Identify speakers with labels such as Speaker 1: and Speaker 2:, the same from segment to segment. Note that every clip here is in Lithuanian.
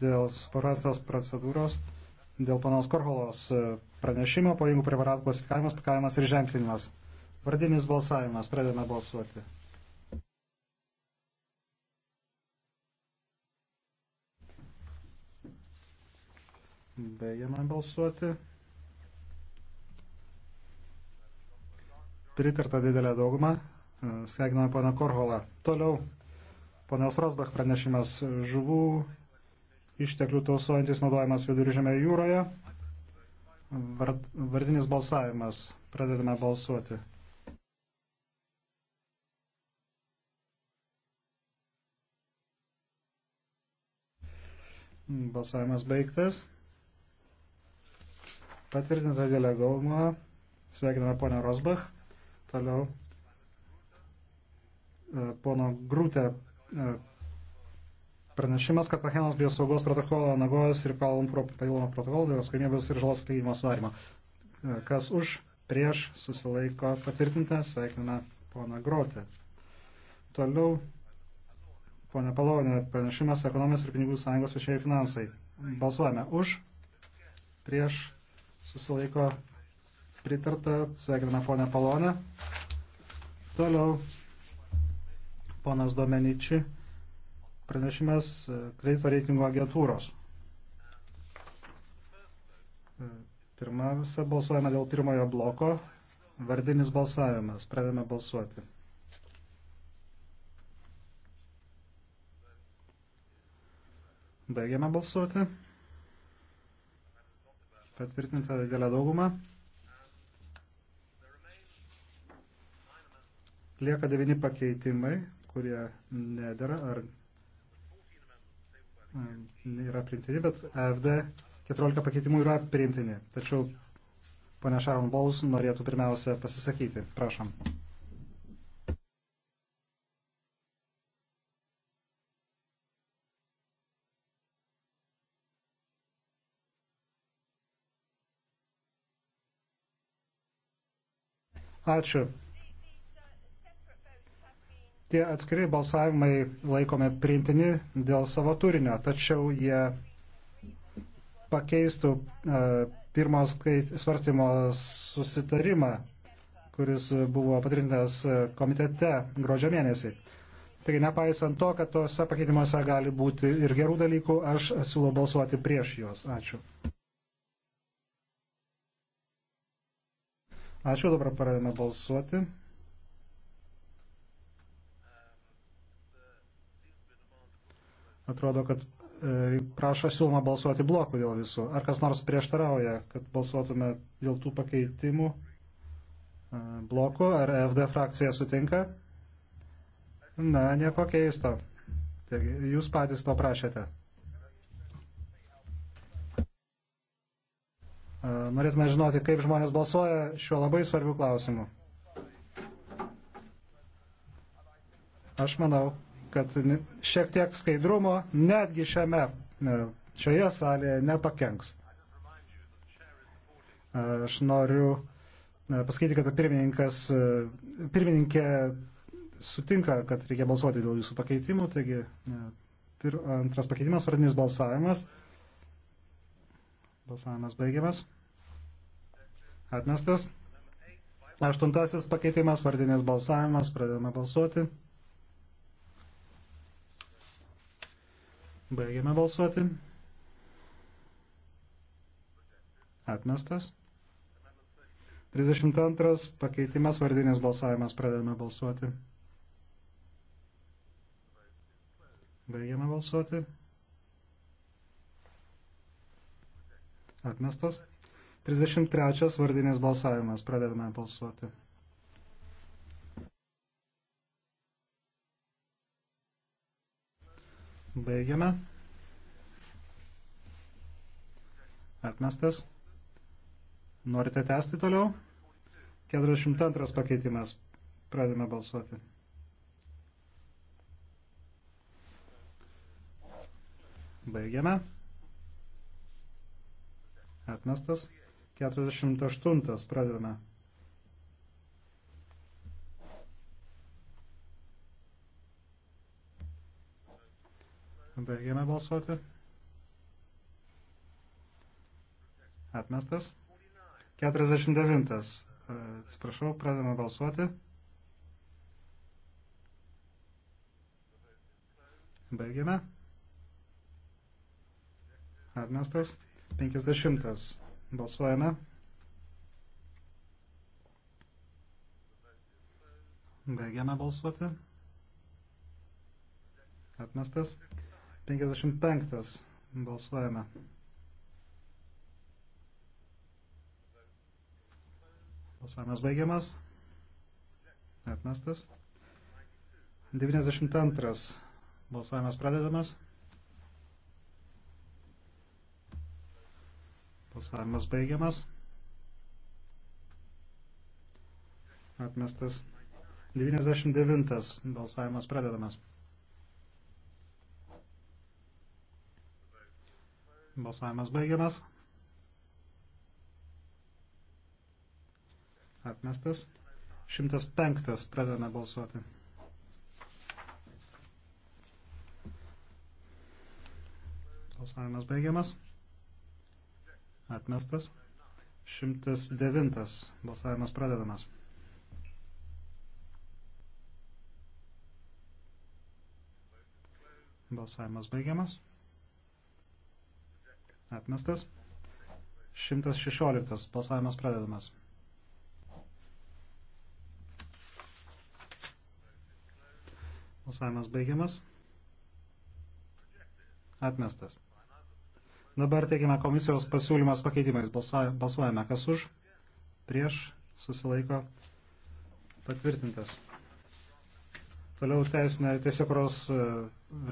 Speaker 1: dėl suprastas procedūros, dėl panos Korholos e, pranešimo, pavojingų preparatų klasifikavimas, pakavimas ir ženklinimas. Vardinis balsavimas, pradedame balsuoti. Baigiame balsuoti. Pritarta didelė dauguma. E, Sveikiname pana Korholą. Toliau, ponios Rosbach pranešimas žuvų išteklių tausojantis naudojimas viduržėme jūroje. Vard, vardinis balsavimas. Pradedame balsuoti. Balsavimas baigtas. Patvirtinta dėlė gauma. Sveikiname ponę Rosbach. Toliau e, pono Grūtę e, pranešimas, kad Achenos biosaugos protokolo Nagojos ir Kalumpro papildomo protokolo dėl atsakomybės ir žalos atlyginimo sudarimo. E, kas už, prieš, susilaiko patvirtinti, sveikiname poną Grotę. Toliau, ponia Palonė, pranešimas ekonomijos ir pinigų sąjungos viešieji finansai. Balsuojame už, prieš, susilaiko pritarta, sveikiname ponia Palonė. Toliau, ponas Domeničiai Pranešimas e, kredito reitingo agentūros. E, pirmiausia, balsuojame dėl pirmojo bloko. Vardinis balsavimas. Pradame balsuoti. Baigiame balsuoti. Patvirtinta didelė dauguma. Lieka devini pakeitimai, kurie nedėra ar yra priimtini, bet FD 14 pakeitimų yra priimtini. Tačiau ponia Sharon Bowles norėtų pirmiausia pasisakyti. Prašom. Ačiū. Tie atskiri balsavimai laikomi priimtini dėl savo turinio, tačiau jie pakeistų e, pirmos svarstymo susitarimą, kuris buvo patrintas komitete gruodžio mėnesį. Taigi, nepaisant to, kad tuose pakeitimuose gali būti ir gerų dalykų, aš siūlau balsuoti prieš juos. Ačiū. Ačiū, dabar pradedame balsuoti. Atrodo, kad e, prašo siūloma balsuoti blokų dėl visų. Ar kas nors prieštarauja, kad balsuotume dėl tų pakeitimų e, blokų? Ar FD frakcija sutinka? Na, nieko keisto. Taigi, jūs patys to prašėte. E, norėtume žinoti, kaip žmonės balsuoja šiuo labai svarbiu klausimu. Aš manau, kad šiek tiek skaidrumo netgi šiame, e, šioje salėje nepakenks. Aš noriu e, pasakyti, kad pirmininkas, e, pirmininkė sutinka, kad reikia balsuoti dėl jūsų pakeitimų, taigi pir, antras pakeitimas, vardinis balsavimas. Balsavimas baigiamas. Atmestas. Aštuntasis pakeitimas, vardinis balsavimas, pradedame balsuoti. Baigiame balsuoti. Atmestas. 32 pakeitimas vardinės balsavimas. Pradedame balsuoti. Baigiame balsuoti. Atmestas. 33 vardinės balsavimas. Pradedame balsuoti. Baigiame. Atmestas. Norite tęsti toliau? 42 pakeitimas. Pradėme balsuoti. Baigiame. Atmestas. 48. Pradedame. Baigėme balsuoti. Atmestas. 49. Atsiprašau, pradame balsuoti. Baigėme. Atmestas. 50. Balsuojame. Baigiame balsuoti. Atmestas. 55 balsuojame. Balsavimas baigiamas. Atmestas. 92 balsavimas pradedamas. Balsavimas baigiamas. Atmestas. 99 balsavimas pradedamas. Balsavimas baigiamas. Atmestas. 105 pradame balsuoti. Balsavimas baigiamas. Atmestas. 109 balsavimas pradedamas. Balsavimas baigiamas. Atmestas. 116. Balsavimas pradedamas. Balsavimas baigiamas. Atmestas. Dabar teikime komisijos pasiūlymas pakeitimais. Balsuojame, kas už, prieš, susilaiko, patvirtintas. Toliau teisinė teisėkuros e,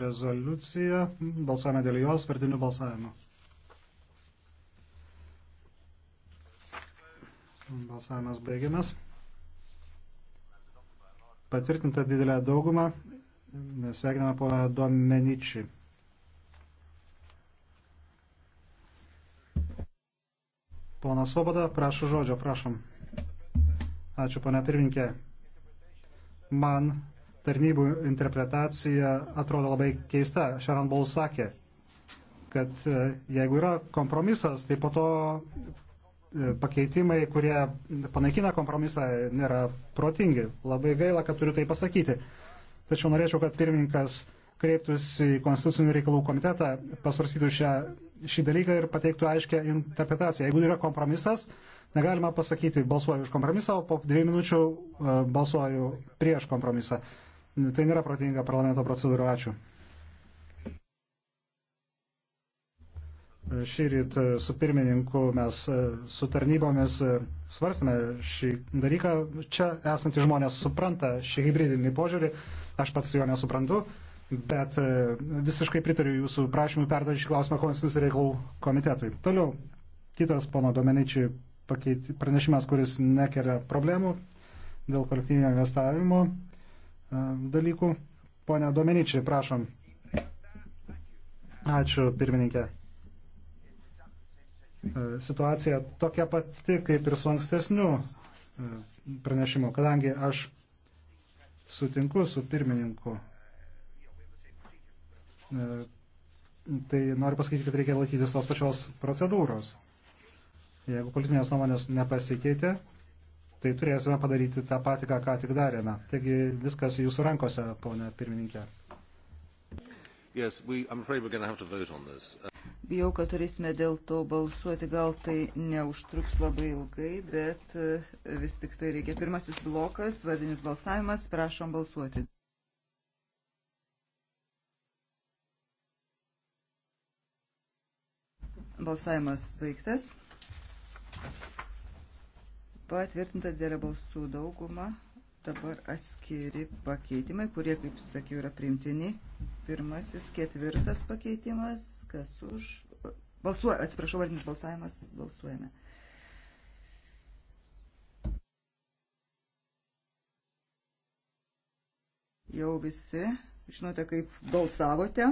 Speaker 1: rezoliucija. Balsuojame dėl jos vardinių balsavimų. Balsavimas baigiamas. Patvirtinta didelė dauguma. Sveikiname poną Domeničį. Pona Svoboda, prašau žodžio, prašom. Ačiū, pana pirminkė. Man tarnybų interpretacija atrodo labai keista. Sharon Bowles sakė, kad e, jeigu yra kompromisas, tai po to pakeitimai, kurie panaikina kompromisą, nėra protingi. Labai gaila, kad turiu tai pasakyti. Tačiau norėčiau, kad pirmininkas kreiptųsi į Konstitucinių reikalų komitetą, pasvarstytų šią, šį dalyką ir pateiktų aiškę interpretaciją. Jeigu yra kompromisas, negalima pasakyti balsuoju už kompromisą, o po dviejų minučių e, balsuoju prieš kompromisą. Tai nėra protinga parlamento procedūra. Ačiū. šį rytą e, su pirmininku mes e, su tarnybomis e, svarstame šį dalyką. Čia esantys žmonės supranta šį hybridinį požiūrį, aš pats jo nesuprantu, bet visiškai pritariu jūsų prašymui perduoti šį klausimą Konstitucijų reikalų komitetui. Toliau, kitas pono Domeničiai pranešimas, kuris nekelia problemų dėl kolektyvinio investavimo dalykų. Pone Domeničiai, prašom. Ačiū, pirmininkė. E, situacija tokia pati kaip ir su ankstesniu e, pranešimu, kadangi aš sutinku su pirmininku. E, tai noriu pasakyti, kad reikia laikytis tos pačios procedūros. Jeigu politinės nuomonės nepasikeitė, tai turėsime padaryti tą patį, ką, ką tik darėme. Taigi viskas jūsų rankose, ponė pirmininkė. Yes, we,
Speaker 2: Bijau, kad turėsime dėl to balsuoti, gal tai neužtruks labai ilgai, bet e, vis tik tai reikia. Pirmasis blokas, vardinis balsavimas, prašom balsuoti. Balsavimas baigtas. Patvirtinta dėlė balsų dauguma. Dabar atskiri pakeitimai, kurie, kaip sakiau, yra primtini. Pirmasis, ketvirtas pakeitimas kas už. Balsuoju, atsiprašau, vardinis balsavimas, balsuojame. Jau visi, žinote, kaip balsavote.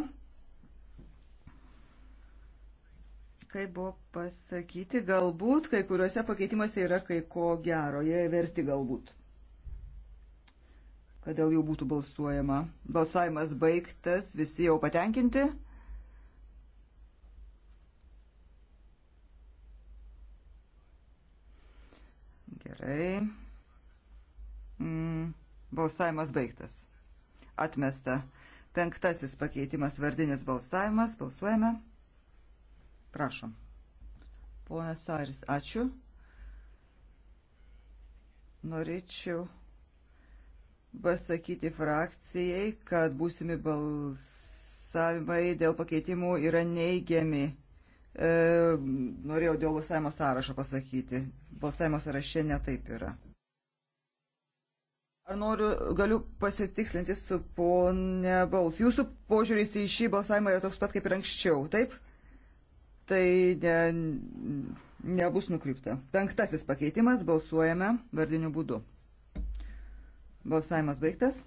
Speaker 2: Kaip buvo pasakyti, galbūt kai kuriuose pakeitimuose yra kai ko gero, jie verti galbūt kad dėl jų būtų balsuojama. Balsavimas baigtas, visi jau patenkinti. Gerai. Mm, balsavimas baigtas. Atmesta. Penktasis pakeitimas vardinis balsavimas. Balsuojame. Prašom. Ponas Saris, ačiū. Norėčiau pasakyti frakcijai, kad būsimi balsavimai dėl pakeitimų yra neigiami. E, norėjau dėl balsavimo sąrašo pasakyti. Balsavimo sąraše netaip yra. Ar noriu, galiu pasitikslinti su ponė Balf. Jūsų požiūris į šį balsavimą yra toks pat kaip ir anksčiau, taip? Tai ne, nebus nukrypta. Penktasis pakeitimas, balsuojame vardiniu būdu. Balsavimas baigtas.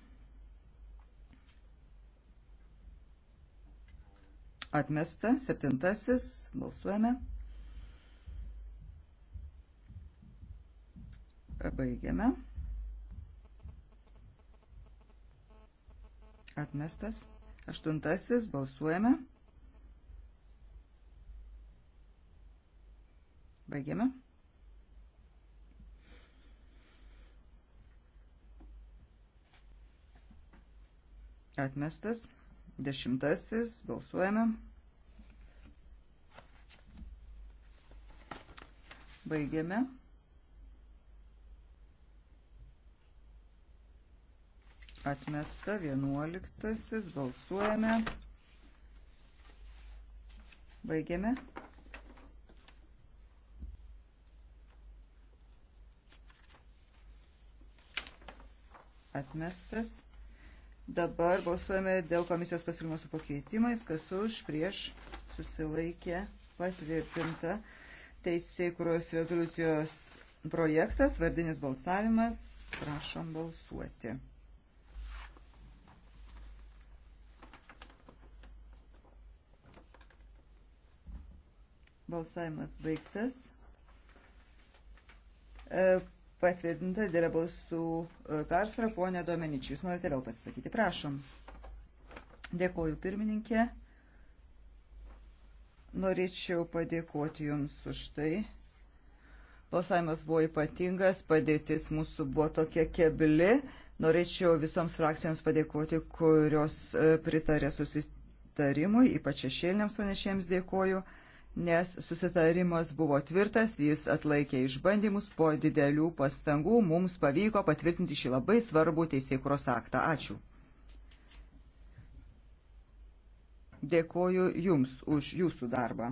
Speaker 2: Atmesta. Septintasis. Balsuojame. Baigiame. Atmestas. Aštuntasis. Balsuojame. Baigiame. Atmestas. Dešimtasis. Balsuojame. Baigiame. Atmesta vienuoliktasis. Balsuojame. Baigiame. Atmestas. Dabar balsuojame dėl komisijos pasiūlymo su pakeitimais, kas už, prieš, susilaikė, patvirtinta. Teisėjai, kurios rezoliucijos projektas, vardinis balsavimas, prašom balsuoti. Balsavimas baigtas. E, patvirtinta dėlė balsų e, persvara, ponė Domeničiai. Jūs norite vėl pasisakyti, prašom. Dėkoju pirmininkė. Norėčiau padėkoti Jums už tai. Balsavimas buvo ypatingas, padėtis mūsų buvo tokia kebli. Norėčiau visoms frakcijoms padėkoti, kurios e, pritarė susitarimui, ypač šešėliniams pranešėjams dėkoju nes susitarimas buvo tvirtas, jis atlaikė išbandymus po didelių pastangų, mums pavyko patvirtinti šį labai svarbų teisėkuros aktą. Ačiū. Dėkoju Jums už Jūsų darbą.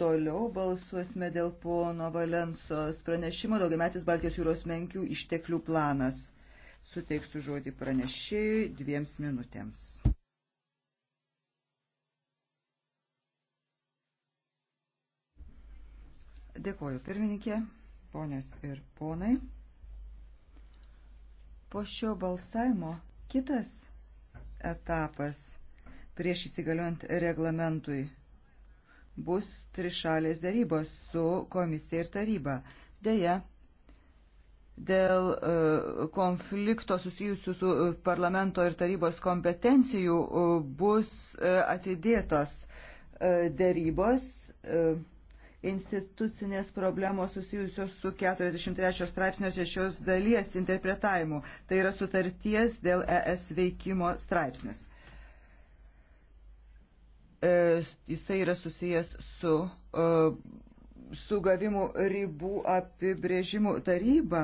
Speaker 2: Toliau balsuosime dėl pono Valensos pranešimo daugiametis Baltijos jūros menkių išteklių planas. Suteiksiu žodį pranešėjui dviems minutėms. Dėkoju pirmininkė, ponios ir ponai. Po šio balsavimo kitas etapas prieš įsigaliuojant reglamentui bus trišalės darybos su komisija ir taryba. Deja, dėl e, konflikto susijusių su parlamento ir tarybos kompetencijų e, bus e, atidėtos darybos institucinės problemos susijusios su 43 straipsnio 6 dalies interpretavimu. Tai yra sutarties dėl ES veikimo straipsnis. E, jisai yra susijęs su e, sugavimų ribų apibrėžimų taryba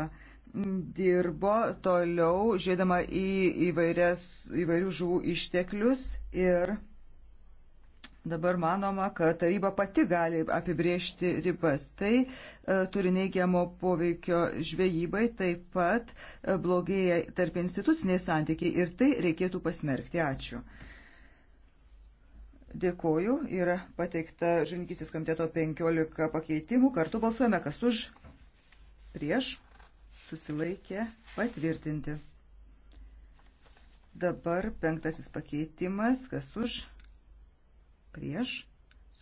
Speaker 2: dirbo toliau žiedama į įvairias, įvairių žuvų išteklius ir Dabar manoma, kad taryba pati gali apibriežti ribas. Tai e, turi neigiamo poveikio žvejybai, taip pat e, blogėja tarp instituciniai santykiai ir tai reikėtų pasmerkti. Ačiū. Dėkoju. Yra pateikta žininkysės komiteto 15 pakeitimų. Kartu balsuojame, kas už, prieš, susilaikė, patvirtinti. Dabar penktasis pakeitimas, kas už prieš,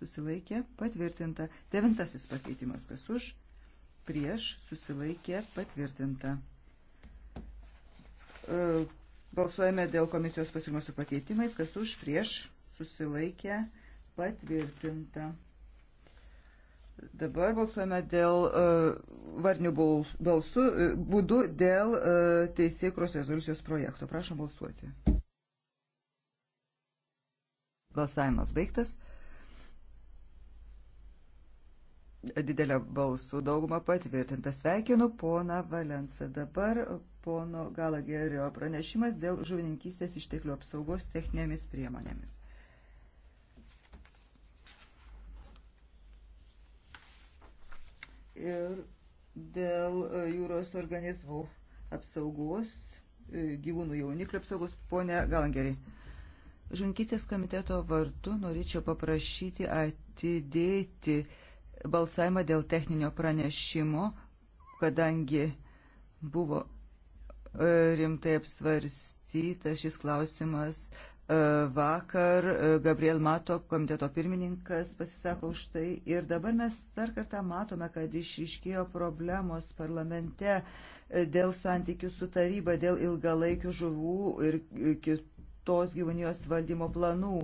Speaker 2: susilaikė, patvirtinta. Devintasis pakeitimas, kas už, prieš, susilaikė, patvirtinta. E, balsuojame dėl komisijos pasiūlymo su pakeitimais, kas už, prieš, susilaikė, patvirtinta. Dabar balsuojame dėl uh, varnių balsų, uh, e, būdų dėl uh, teisėkros rezoliucijos projekto. Prašom balsuoti. Balsavimas baigtas. Didelę balsų daugumą patvirtinta. Sveikinu poną Valensą. Dabar pono Galagerio pranešimas dėl žuvininkystės išteklių apsaugos techninėmis priemonėmis. ir dėl e, jūros organizmų apsaugos, e, gyvūnų jauniklių apsaugos, ponė Galangeriai. Žunkistės komiteto vardu norėčiau paprašyti atidėti balsavimą dėl techninio pranešimo, kadangi buvo e, rimtai apsvarstytas šis klausimas e, vakar. E, Gabriel Mato komiteto pirmininkas pasisako už tai ir dabar mes dar kartą matome, kad išriškėjo problemos parlamente dėl santykių su taryba, dėl ilgalaikių žuvų ir kitų tos gyvūnijos valdymo planų.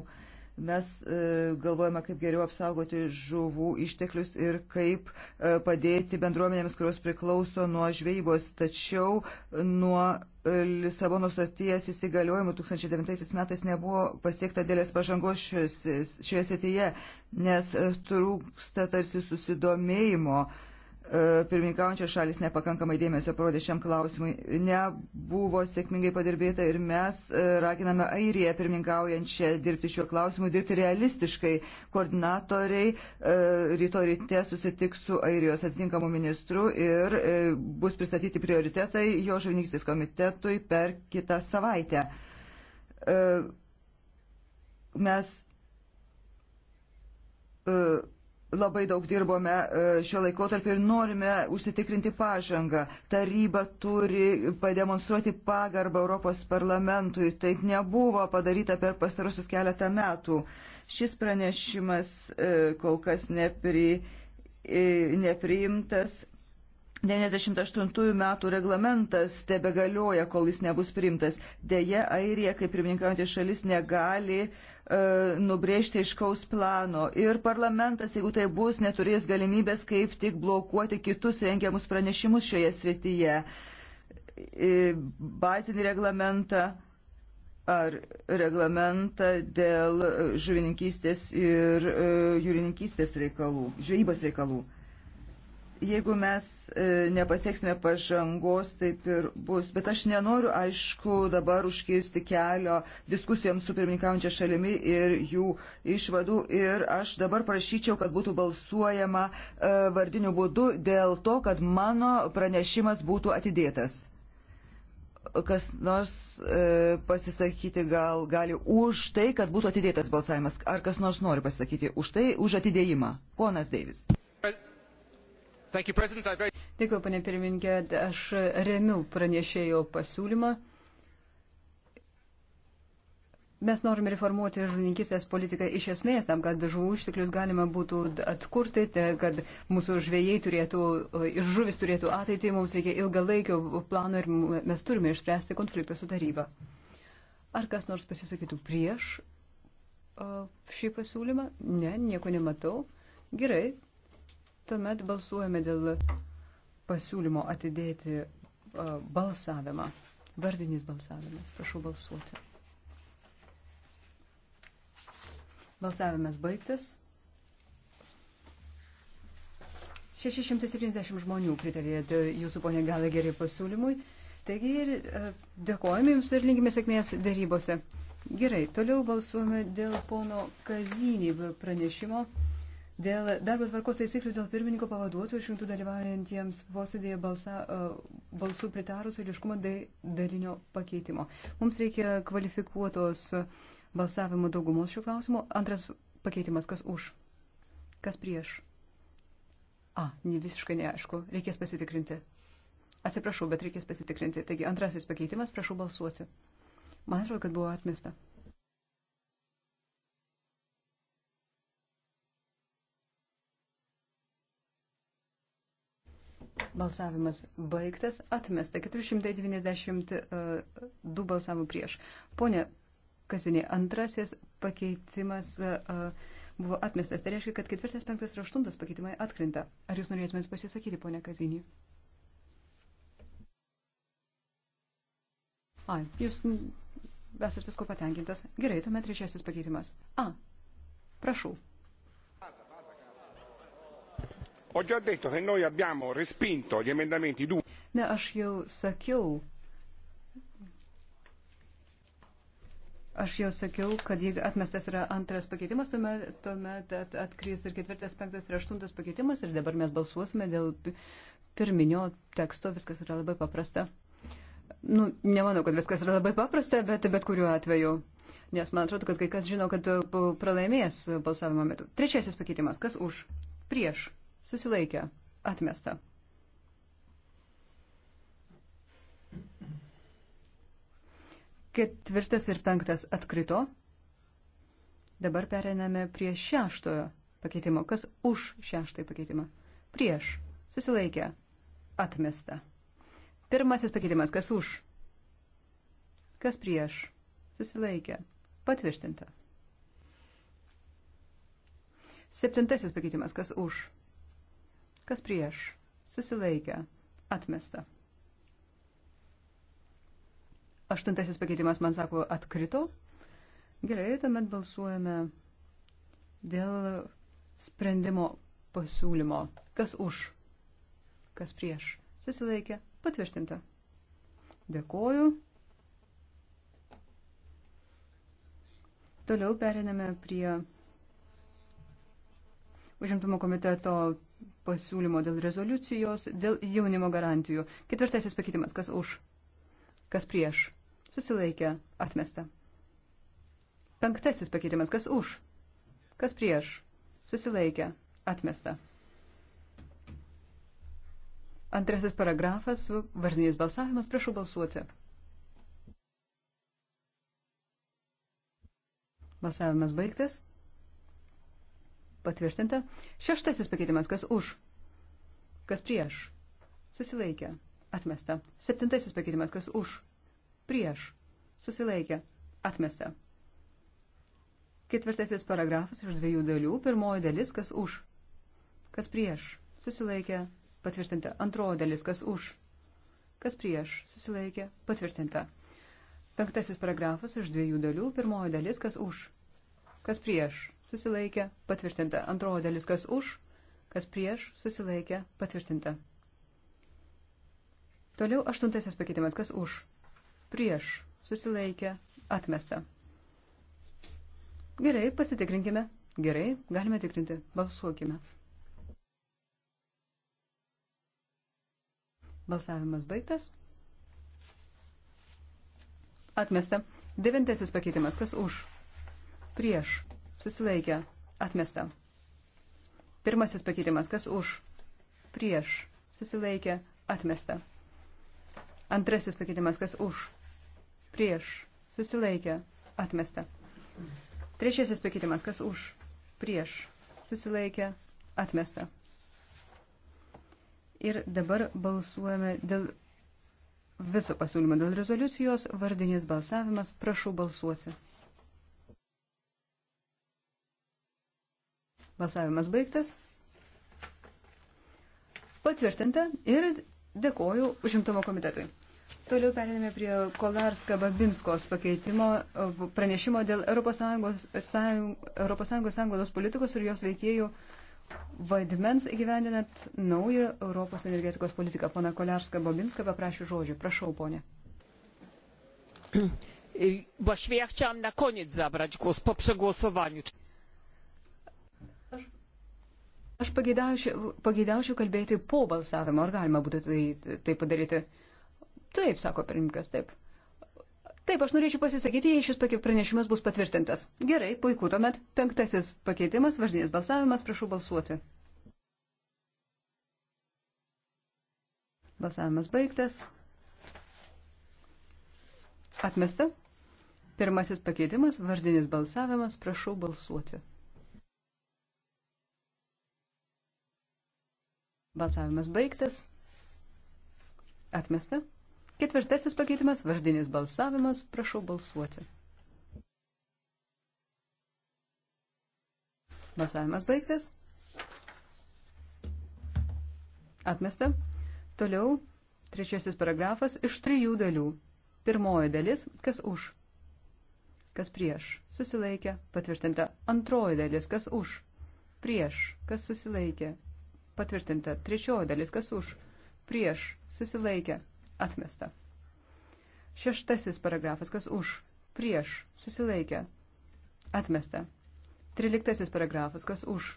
Speaker 2: Mes e, galvojame, kaip geriau apsaugoti žuvų išteklius ir kaip e, padėti bendruomenėms, kurios priklauso nuo žvejybos. Tačiau nuo e, Lisabono sutarties įsigaliojimų 2009 metais nebuvo pasiekta dėlės pažangos šioje srityje, nes e, trūksta tarsi susidomėjimo. E, E, pirmininkaujančios šalis nepakankamai dėmesio parodė šiam klausimui, nebuvo sėkmingai padirbėta ir mes e, raginame Airiją pirmininkaujančią dirbti šiuo klausimu, dirbti realistiškai. Koordinatoriai e, ryto ryte susitiks su Airijos atsinkamu ministru ir bus pristatyti prioritetai jo žuvininkystės komitetui per kitą savaitę. Mes uh, labai daug dirbome e, šio laikotarpio ir norime užsitikrinti pažangą. Taryba turi pademonstruoti pagarbą Europos parlamentui. Taip nebuvo padaryta per pastarusius keletą metų. Šis pranešimas e, kol kas nepri, e, nepriimtas. 98 metų reglamentas tebe galioja, kol jis nebus priimtas. Deja, Airija, kaip pirmininkaujantys šalis, negali uh, E, nubrėžti iškaus plano. Ir parlamentas, jeigu tai bus, neturės galimybės kaip tik blokuoti kitus rengiamus pranešimus šioje srityje. E, bazinį reglamentą ar reglamentą dėl žuvininkystės ir e, jūrininkystės reikalų, žvejybos reikalų jeigu mes e, nepasieksime pažangos, taip ir bus. Bet aš nenoriu, aišku, dabar užkirsti kelio diskusijoms su pirmininkaujančia šalimi ir jų išvadų. Ir aš dabar prašyčiau, kad būtų balsuojama e, vardiniu būdu dėl to, kad mano pranešimas būtų atidėtas. Kas nors e, pasisakyti gal gali už tai, kad būtų atidėtas balsavimas. Ar kas nors nori pasisakyti už tai, už atidėjimą? Ponas Deivis.
Speaker 3: Right. Dėkui, panė pirmininkė, aš remiu pranešėjo pasiūlymą. Mes norime reformuoti žuvininkistės politiką iš esmės, tam, kad žuvų išteklius galima būtų atkurti, kad mūsų žvėjai turėtų, ir žuvis turėtų ateitį, mums reikia ilgalaikio plano ir mes turime išspręsti konfliktą su taryba. Ar kas nors pasisakytų prieš šį pasiūlymą? Ne, nieko nematau. Gerai, Tuomet balsuojame dėl pasiūlymo atidėti balsavimą. Vardinis balsavimas. Prašau balsuoti. Balsavimas baigtas. 670 žmonių pritarė jūsų ponė Galageriai pasiūlymui. Taigi ir dėkojame Jums ir linkime sėkmės darybose. Gerai, toliau balsuojame dėl pono Kazinį pranešimo. Dėl darbo tvarkos taisyklių dėl pirmininko pavaduotojų išrinktų dalyvaujantiems posėdėje balsa, e, balsų pritarus eiliškumo dalinio pakeitimo. Mums reikia kvalifikuotos balsavimo daugumos šiuo klausimu. Antras pakeitimas, kas už, kas prieš. A, ne, visiškai neaišku, reikės pasitikrinti. Atsiprašau, bet reikės pasitikrinti. Taigi antrasis pakeitimas, prašau balsuoti. Man atrodo, kad buvo atmesta. Balsavimas baigtas, atmesta 492 e, balsavo prieš. Pone Kazinė, antrasis pakeitimas e, e, buvo atmestas. Tai reiškia, kad ketvirtas, penktas ir aštuntas pakeitimai atkrinta. Ar jūs norėtumėt pasisakyti, ponė Kazinė? Ai, jūs esat visko patenkintas. Gerai, tuomet trečiasis pakeitimas. A, prašau.
Speaker 1: Ho già detto che noi abbiamo respinto gli emendamenti 2.
Speaker 3: Ne, aš jau sakiau, Aš jau sakiau, kad jeigu atmestas yra antras pakeitimas, tuomet, tuomet at, atkris ir ketvirtas, penktas ir aštuntas pakeitimas ir dabar mes balsuosime dėl pirminio teksto, viskas yra labai paprasta. Nu, nemanau, kad viskas yra labai paprasta, bet bet kuriuo atveju. Nes man atrodo, kad kai kas žino, kad pralaimės balsavimo metu. Trečiasis pakeitimas, kas už? Prieš. Susilaikė. Atmesta. Ketvirtas ir penktas atkrito. Dabar pereiname prie šeštojo pakeitimo. Kas už šeštąjį pakeitimą? Prieš. Susilaikė. Atmesta. Pirmasis pakeitimas. Kas už? Kas prieš? Susilaikė. Patvirtinta. Septintasis pakeitimas. Kas už? Kas prieš? Susilaikę. Atmesta. Aštuntasis pakeitimas, man sako, atkrito. Gerai, tuomet balsuojame dėl sprendimo pasiūlymo. Kas už? Kas prieš? Susilaikė. Patvirtinta. Dėkoju. Toliau periname prie užimtumo komiteto pasiūlymo dėl rezoliucijos, dėl jaunimo garantijų. Ketvirtasis pakeitimas, kas už, kas prieš, susilaikė, atmesta. Penktasis pakeitimas, kas už, kas prieš, susilaikė, atmesta. Antrasis paragrafas, vardinis balsavimas, prašau balsuoti. Balsavimas baigtas. Patvirtinta. Šeštasis pakeitimas. Kas už? Kas prieš? Susilaikė. Atmesta. Septintasis pakeitimas. Kas už? Prieš. Susilaikė. Atmesta. Ketvirtasis paragrafas iš dviejų dalių. Pirmoji dalis. Kas už? Kas prieš? Susilaikė. Patvirtinta. Antroji dalis. Kas už? Kas prieš? Susilaikė. Patvirtinta. Penktasis paragrafas iš dviejų dalių. Pirmoji dalis. Kas už? kas prieš, susilaikė, patvirtinta. Antroji dalis, kas už, kas prieš, susilaikė, patvirtinta. Toliau aštuntasis pakeitimas, kas už, prieš, susilaikė, atmesta. Gerai, pasitikrinkime. Gerai, galime tikrinti. Balsuokime. Balsavimas baigtas. Atmesta. Devintasis pakeitimas, kas už, prieš, susilaikė, atmesta. Pirmasis pakeitimas, kas už, prieš, susilaikė, atmesta. Antrasis pakeitimas, kas už, prieš, susilaikė, atmesta. Trečiasis pakeitimas, kas už, prieš, susilaikė, atmesta. Ir dabar balsuojame dėl viso pasiūlymo, dėl rezoliucijos, vardinis balsavimas, prašau balsuoti. Balsavimas baigtas. Patvirtinta ir dėkoju užimtumo komitetui. Toliau perėmėme prie Kolarska Babinskos pakeitimo e, pranešimo dėl ES sąjungos politikos ir jos veikėjų vaidmens įgyvendinant naują Europos energetikos politiką. Pana Kolarska Babinska paprašė žodžių. Prašau, ponė. Bo ja chciałam na koniec zabrać głos po przegłosowaniu. Aš pageidaučiau kalbėti po balsavimo, ar galima būtų tai, tai padaryti. Taip, sako pirmininkas, taip. Taip, aš norėčiau pasisakyti, jei šis pranešimas bus patvirtintas. Gerai, puiku, tuomet penktasis pakeitimas, varžinės balsavimas, prašau balsuoti. Balsavimas baigtas. Atmesta. Pirmasis pakeitimas, vardinis balsavimas, prašau balsuoti. Balsavimas baigtas. Atmesta. Ketvirtasis pakeitimas – vardinis balsavimas. Prašau balsuoti. Balsavimas baigtas. Atmesta. Toliau trečiasis paragrafas iš trijų dalių. Pirmoji dalis – kas už. Kas prieš. Susilaikė. Patvirtinta. Antroji dalis – kas už. Prieš. Kas susilaikė patvirtinta. Trečioji dalis, kas už, prieš, susilaikė, atmesta. Šeštasis paragrafas, kas už, prieš, susilaikė, atmesta. Triliktasis paragrafas, kas už,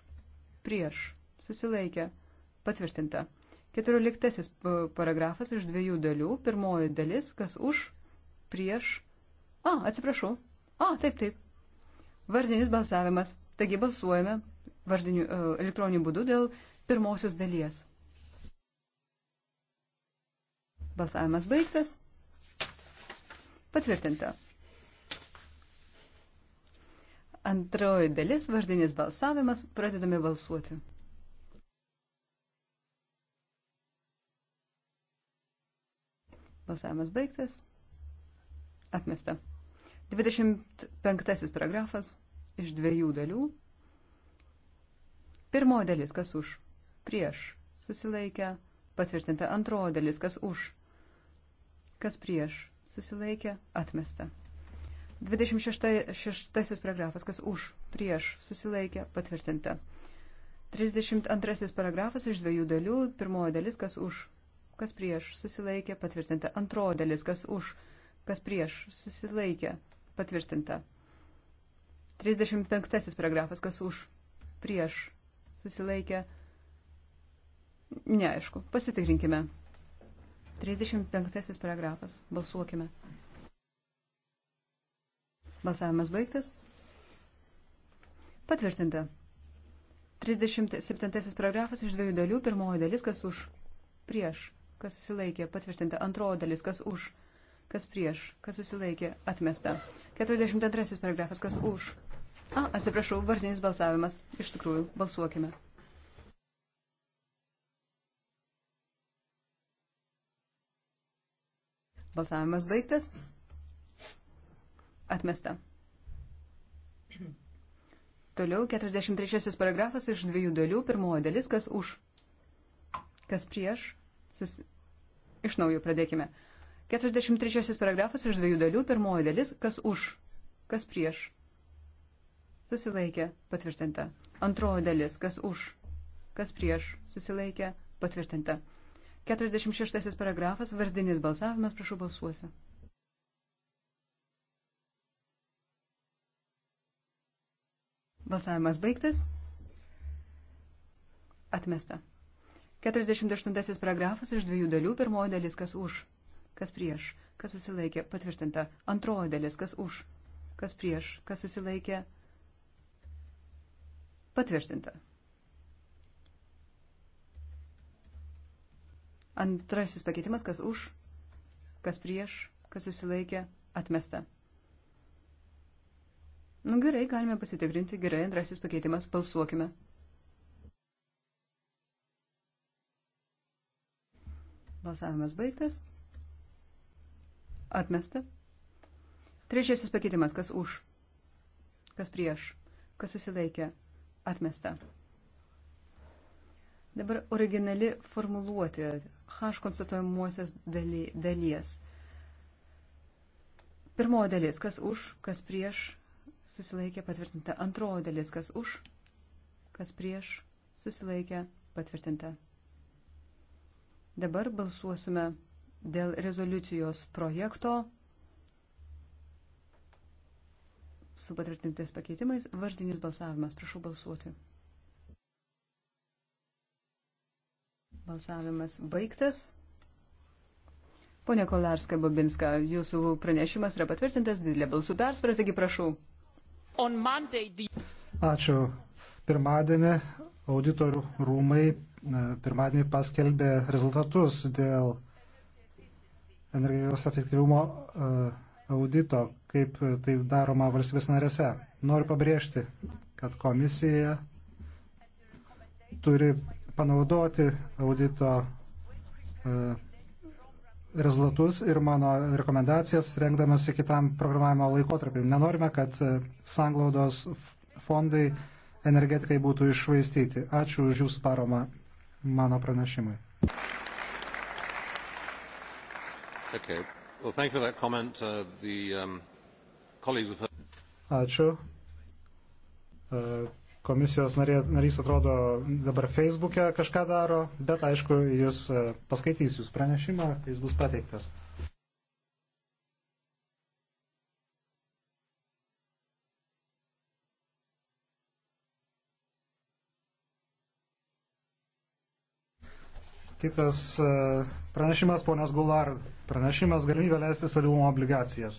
Speaker 3: prieš, susilaikė, patvirtinta. Keturioliktasis paragrafas iš dviejų dalių. Pirmoji dalis, kas už, prieš. A, atsiprašau. A, taip, taip. Vardinis balsavimas. Taigi balsuojame vardiniu, e, elektroniniu būdu dėl pirmosios dalies. Balsavimas baigtas. Patvirtinta. Antroji dalis vardinis balsavimas. Pradedame balsuoti. Balsavimas baigtas. Atmesta. 25 paragrafas iš dviejų dalių. Pirmoji dalis, kas už? prieš, susilaikę, patvirtinta antroji dalis, kas už, kas prieš, susilaikė, atmesta. 26 paragrafas, kas už, prieš, susilaikė, patvirtinta. 32 paragrafas iš dviejų dalių, pirmoji dalis, kas už, kas prieš, susilaikė, patvirtinta. Antroji dalis, kas už, kas prieš, susilaikė, patvirtinta. 35 paragrafas, kas už, prieš, susilaikė, patvirtinta Neaišku. Pasitikrinkime. 35 paragrafas. Balsuokime. Balsavimas baigtas. Patvirtinta. 37 paragrafas iš dviejų dalių. Pirmoji dalis, kas už, prieš, kas susilaikė, patvirtinta. Antroji dalis, kas už, kas prieš, kas susilaikė, atmesta. 42 paragrafas, kas už. A, atsiprašau, vardinis balsavimas. Iš tikrųjų, balsuokime. Balsavimas baigtas. Atmesta. Toliau 43 paragrafas iš dviejų dalių. Pirmoji dalis, kas už, kas prieš. Sus... Iš naujo pradėkime. 43 paragrafas iš dviejų dalių. Pirmoji dalis, kas už, kas prieš. Susilaikė, patvirtinta. Antroji dalis, kas už, kas prieš. Susilaikė, patvirtinta. 46 paragrafas, vardinis balsavimas, prašau balsuosiu. Balsavimas baigtas. Atmesta. 48 paragrafas iš dviejų dalių. Pirmoji dalis, kas už, kas prieš, kas susilaikė, patvirtinta. Antroji dalis, kas už, kas prieš, kas susilaikė, patvirtinta. Antrasis pakeitimas, kas už, kas prieš, kas susilaikė, atmesta. Nu gerai, galime pasitikrinti. Gerai, antrasis pakeitimas, balsuokime. Balsavimas baigtas. Atmesta. Trečiasis pakeitimas, kas už, kas prieš, kas susilaikė, atmesta. Dabar originali formuluoti H konstatuojamosios daly, dalies. Pirmoji dalis, kas už, kas prieš, susilaikė patvirtinta. Antroji dalis, kas už, kas prieš, susilaikė patvirtinta. Dabar balsuosime dėl rezoliucijos projekto su patvirtintais pakeitimais. Vardinis balsavimas. Prašau balsuoti. Balsavimas baigtas. Pone Kolarska Babinska, jūsų pranešimas yra patvirtintas didelė balsų persvara, taigi prašau.
Speaker 1: Ačiū. Pirmadienį auditorių rūmai e, pirmadienį paskelbė rezultatus dėl energijos efektyvumo e, audito, kaip tai daroma valstybės narėse. Noriu pabrėžti, kad komisija turi panaudoti audito e, rezultatus ir mano rekomendacijas rengdamasi kitam programavimo laikotarpiu. Nenorime, kad e, sanglaudos fondai energetikai būtų išvaistyti. Ačiū už Jūsų paromą mano pranešimui. Okay. Well, thank you for that comment. Uh, the um, colleagues have heard. Ačiū. Uh, komisijos narė, narys atrodo dabar Facebook'e kažką daro, bet aišku, jis e, paskaitys jūs pranešimą, jis bus pateiktas. Kitas e, pranešimas, ponios Gular, pranešimas galimybė leisti solidumo obligacijas.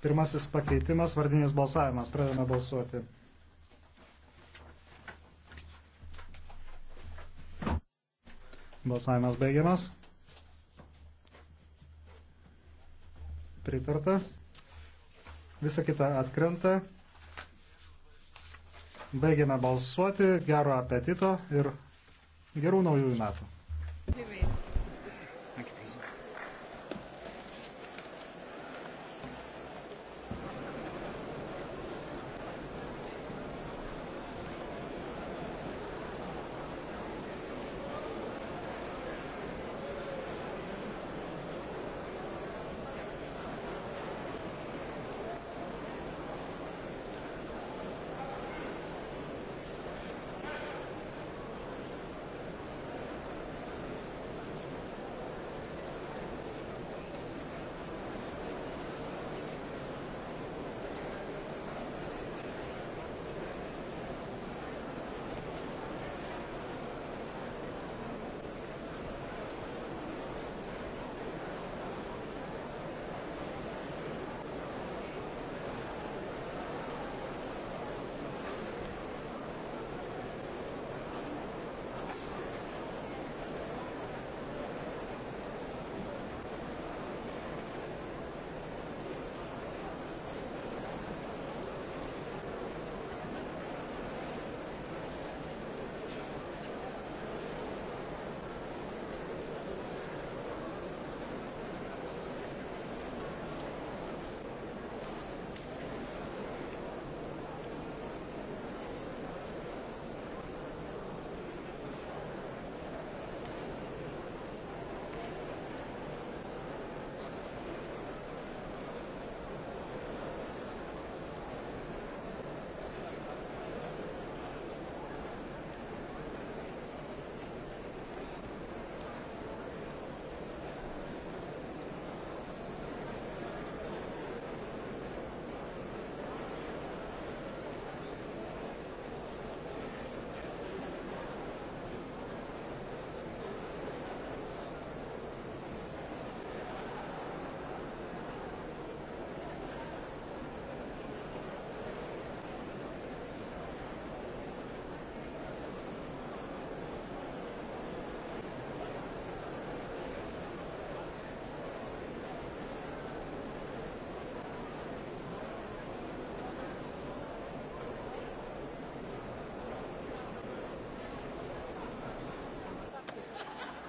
Speaker 1: Pirmasis pakeitimas, vardinis balsavimas, pradedame balsuoti. Balsavimas baigiamas. Pritarta. Visa kita atkrenta. Baigiame balsuoti. Gero apetito ir gerų naujųjų metų.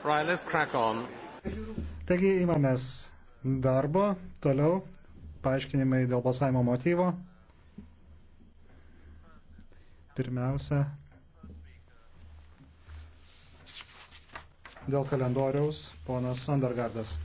Speaker 1: Right, let's crack on. Taigi įmamės darbo, toliau paaiškinimai dėl balsavimo motyvo. Pirmiausia, dėl kalendoriaus ponas Sandergardas.